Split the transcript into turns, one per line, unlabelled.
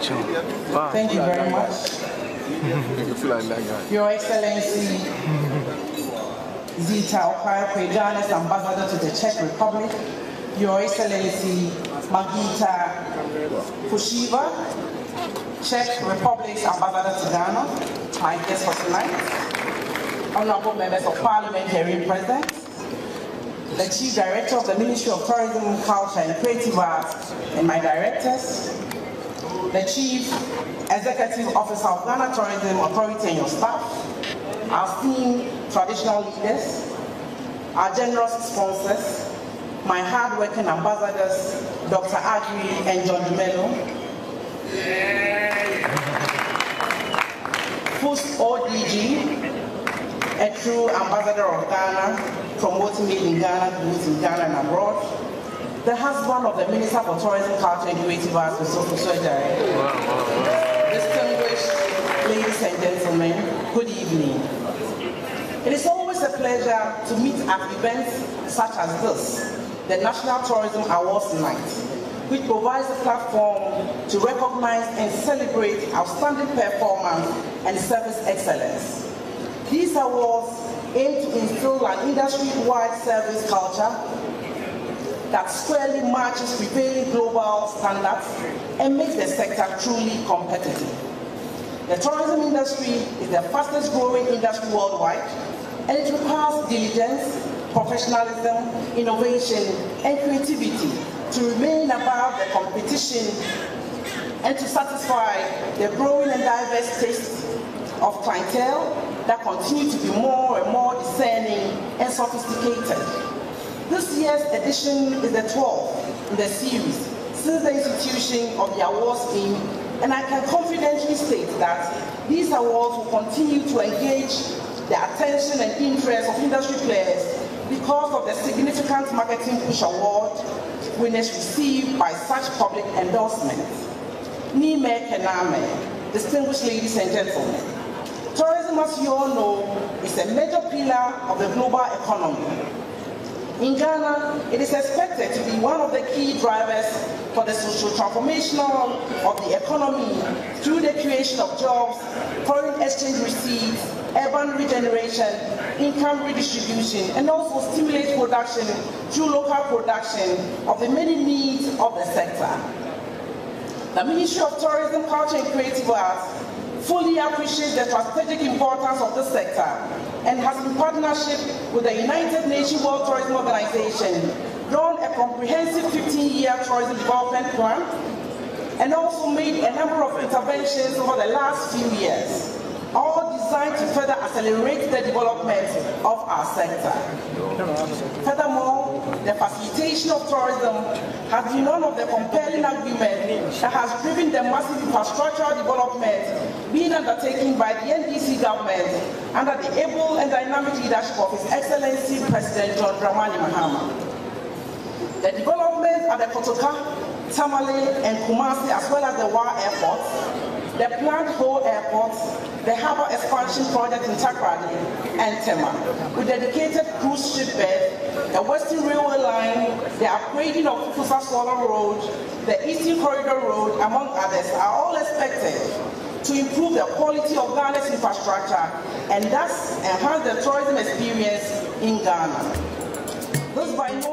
Got you. Wow. Thank you very much. Your Excellency Zita Okayokwe, Journalist Ambassador to the Czech Republic. Your Excellency Magita Fushiva, Czech Republic's Ambassador to Ghana, my guest for tonight. Honorable members of Parliament, Presence, present. The Chief Director of the Ministry of Tourism, Culture and Creative Arts, and my directors, the Chief Executive Officer of Ghana Tourism Authority and your staff, our esteemed traditional leaders, our generous sponsors, my hard-working ambassadors, Dr. Adri and John Dumelo. FUS ODG, a true ambassador of Ghana, promoting me in Ghana, both in Ghana and abroad. the husband of the Minister for Tourism, Culture, and Creative Arts, Mr. wow, Distinguished ladies and gentlemen, good evening. It is always a pleasure to meet at events such as this, the National Tourism Awards Night, which provides a platform to recognize and celebrate outstanding performance and service excellence. These awards aim to instill an industry-wide service culture that squarely matches prevailing global standards and makes the sector truly competitive. The tourism industry is the fastest growing industry worldwide and it requires diligence, professionalism, innovation and creativity to remain above the competition and to satisfy the growing and diverse tastes of clientele that continue to be more and more discerning and sophisticated. This year's edition is the 12th in the series since the institution of the awards team, and I can confidently state that these awards will continue to engage the attention and interest of industry players because of the significant marketing push award winners received by such public endorsements. Nime Kename, distinguished ladies and gentlemen, tourism, as you all know, is a major pillar of the global economy in Ghana, it is expected to be one of the key drivers for the social transformation of the economy through the creation of jobs, foreign exchange receipts, urban regeneration, income redistribution, and also stimulate production through local production of the many needs of the sector. The Ministry of Tourism, Culture and Creative Arts fully appreciates the strategic importance of this sector and has in partnership with the United Nations World Tourism Organization drawn a comprehensive 15-year tourism development plan and also made a number of interventions over the last few years, all designed to further accelerate the development of our sector the facilitation of tourism has been one of the compelling arguments that has driven the massive infrastructural development being undertaken by the NDC government under the able and dynamic leadership of His Excellency President John Dramani Mahama. The development at the Kotoka, Tamale, and Kumasi, as well as the WA airports, the planned whole airports, the harbour expansion project in Takrady and Tema, with dedicated cruise ship berth, the Western Railway line, the upgrading of Fusa Solar Road, the Eastern Corridor Road, among others, are all expected to improve the quality of Ghana's infrastructure and thus enhance the tourism experience in Ghana. Those by